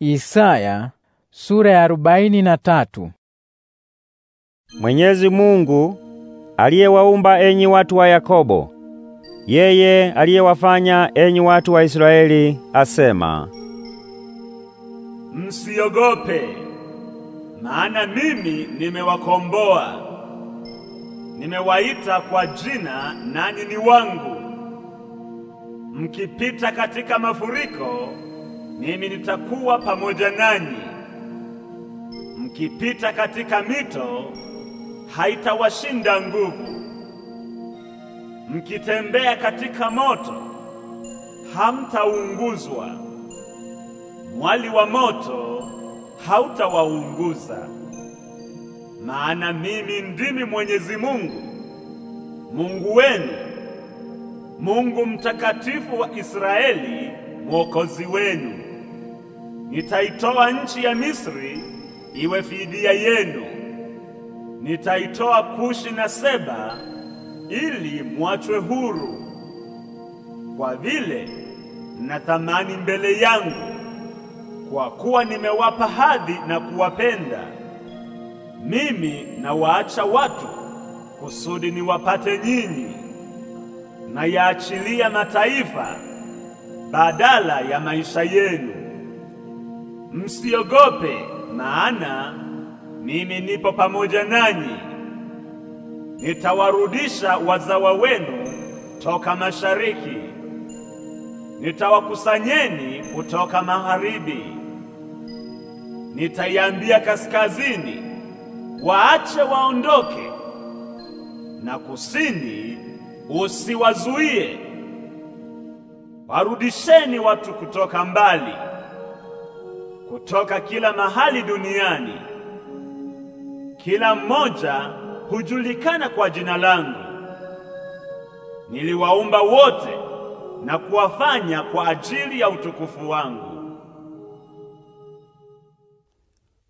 Isaya sura ya arobaini na tatu. Mwenyezi Mungu aliyewaumba enyi watu wa Yakobo, yeye aliyewafanya enyi watu wa Israeli asema, msiogope, maana mimi nimewakomboa. Nimewaita kwa jina, nanyi ni wangu. Mkipita katika mafuriko mimi nitakuwa pamoja nanyi. Mkipita katika mito, haitawashinda nguvu. Mkitembea katika moto, hamtaunguzwa. Mwali wa moto hautawaunguza. Maana mimi ndimi Mwenyezi Mungu, Mungu wenu, Mungu mtakatifu wa Israeli, Mwokozi wenu. Nitaitoa nchi ya Misri iwe fidia yenu, nitaitoa Kushi na Seba ili muachwe huru, kwa vile na thamani mbele yangu, kwa kuwa nimewapa hadhi na kuwapenda. Mimi nawaacha watu kusudi niwapate nyinyi, na yaachilia mataifa badala ya maisha yenu. Msiogope, maana mimi nipo pamoja nanyi. Nitawarudisha wazawa wenu toka mashariki, nitawakusanyeni kutoka magharibi. Nitaiambia kaskazini, waache waondoke, na kusini, usiwazuie. Warudisheni watu kutoka mbali kutoka kila mahali duniani. Kila mmoja hujulikana kwa jina langu. Niliwaumba wote na kuwafanya kwa ajili ya utukufu wangu.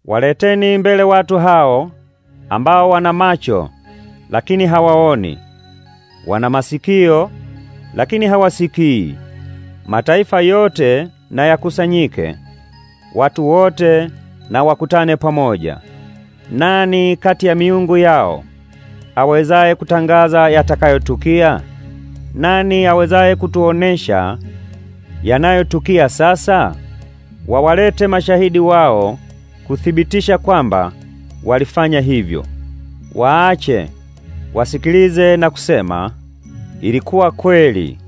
Waleteni mbele watu hao ambao wana macho lakini hawaoni, wana masikio lakini hawasikii. Mataifa yote na yakusanyike Watu wote na wakutane pamoja. Nani kati ya miungu yao awezaye kutangaza yatakayotukia? Nani awezaye kutuonesha yanayotukia sasa? Wawalete mashahidi wao kuthibitisha kwamba walifanya hivyo. Waache wasikilize na kusema, ilikuwa kweli.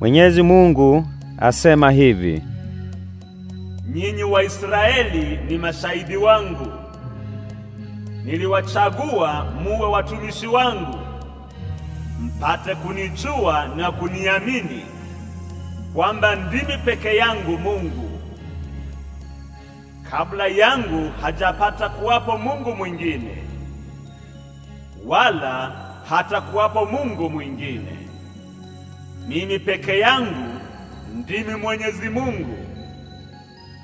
Mwenyezi Mungu asema hivi nyinyi Waisraeli ni mashahidi wangu, niliwachagua muwe watumishi wangu, mpate kunijua na kuniamini kwamba ndimi peke yangu Mungu. Kabla yangu hajapata kuwapo Mungu mwingine, wala hatakuwapo Mungu mwingine. Mimi peke yangu ndimi Mwenyezi Mungu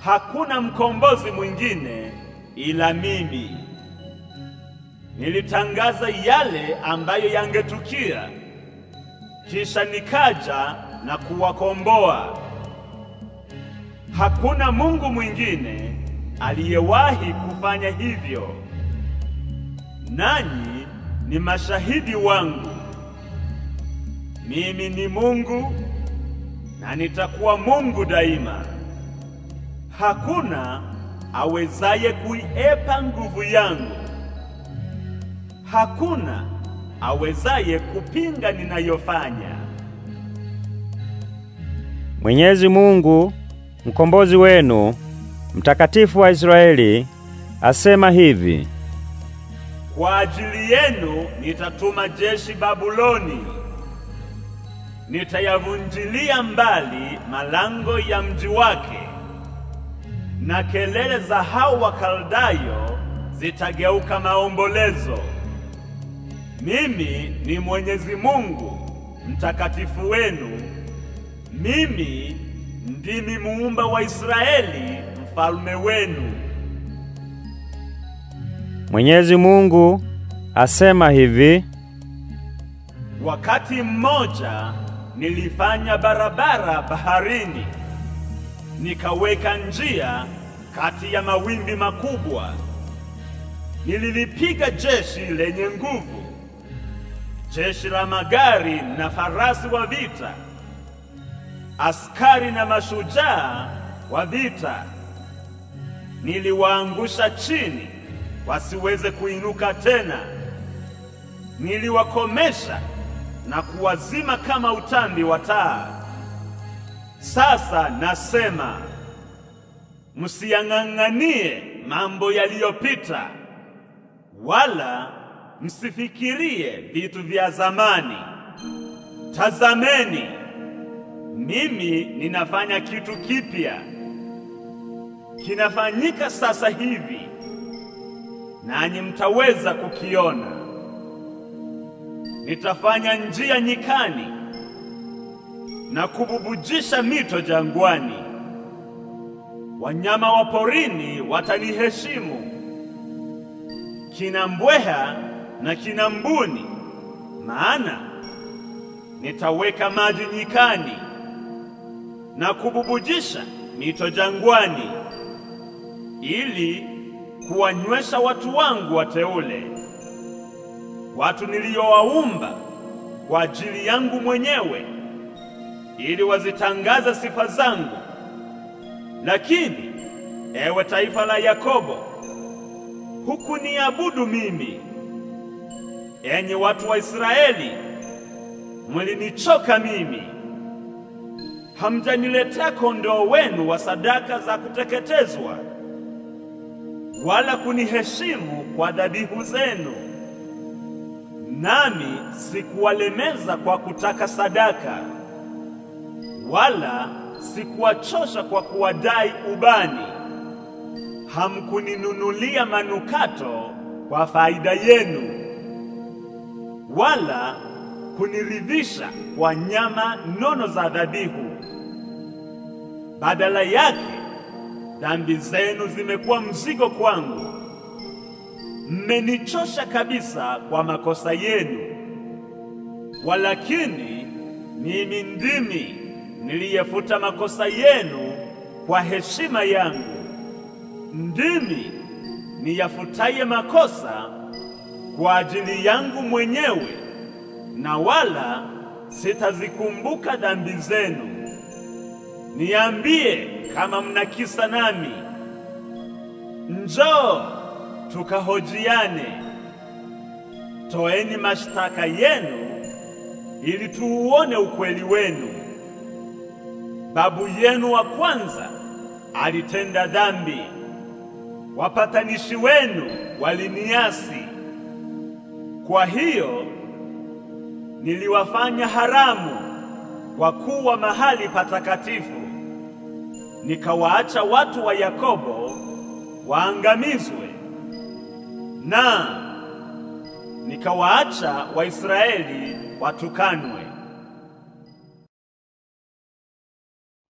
hakuna mkombozi mwingine ila mimi. Nilitangaza yale ambayo yangetukia, kisha nikaja na kuwakomboa. Hakuna Mungu mwingine aliyewahi kufanya hivyo, nanyi ni mashahidi wangu. Mimi ni Mungu na nitakuwa Mungu daima. Hakuna awezaye kuiepa nguvu yangu, hakuna awezaye kupinga ninayofanya. Mwenyezi Mungu mkombozi wenu mtakatifu wa Israeli asema hivi: kwa ajili yenu nitatuma jeshi Babuloni, nitayavunjilia mbali malango ya mji wake na kelele za hao Wakaldayo zitageuka maombolezo. Mimi ni Mwenyezi Mungu mtakatifu wenu, mimi ndimi muumba wa Israeli mfalme wenu. Mwenyezi Mungu asema hivi: wakati mmoja nilifanya barabara baharini nikaweka njia kati ya mawimbi makubwa. Nililipiga jeshi lenye nguvu, jeshi la magari na farasi wa vita, askari na mashujaa wa vita. Niliwaangusha chini wasiweze kuinuka tena. Niliwakomesha na kuwazima kama utambi wa taa. Sasa nasema msiyang'ang'anie mambo yaliyopita, wala msifikirie vitu vya zamani. Tazameni, mimi ninafanya kitu kipya, kinafanyika sasa hivi, nanyi mtaweza kukiona. Nitafanya njia nyikani na kububujisha mito jangwani. Wanyama wa porini wataniheshimu, kina mbweha na kina mbuni, maana nitaweka maji nyikani na kububujisha mito jangwani, ili kuwanywesha watu wangu wateule, watu niliowaumba kwa ajili yangu mwenyewe ili wazitangaza sifa zangu. Lakini ewe taifa la Yakobo, hukuniabudu mimi. Enyi watu wa Israeli, mulinichoka mimi. Hamjaniletea kondoo wenu wa sadaka za kuteketezwa, wala kuniheshimu kwa dhabihu zenu. Nami sikuwalemeza kwa kutaka sadaka wala sikuwachosha kwa kuwadai ubani. Hamkuninunulia manukato kwa faida yenu, wala kuniridhisha kwa nyama nono za dhabihu. Badala yake dhambi zenu zimekuwa mzigo kwangu, mmenichosha kabisa kwa makosa yenu. Walakini mimi ndimi niliyefuta makosa yenu kwa heshima yangu. Ndimi niyafutaye makosa kwa ajili yangu mwenyewe, na wala sitazikumbuka dhambi zenu. Niambie kama mnakisa nami, njoo tukahojiane. Toeni mashtaka yenu ili tuuone ukweli wenu babu yenu wa kwanza alitenda dhambi, wapatanishi wenu waliniasi, kwa hiyo niliwafanya haramu kwa kuwa mahali patakatifu, nikawaacha watu wa Yakobo waangamizwe, na nikawaacha Waisraeli watukanwe.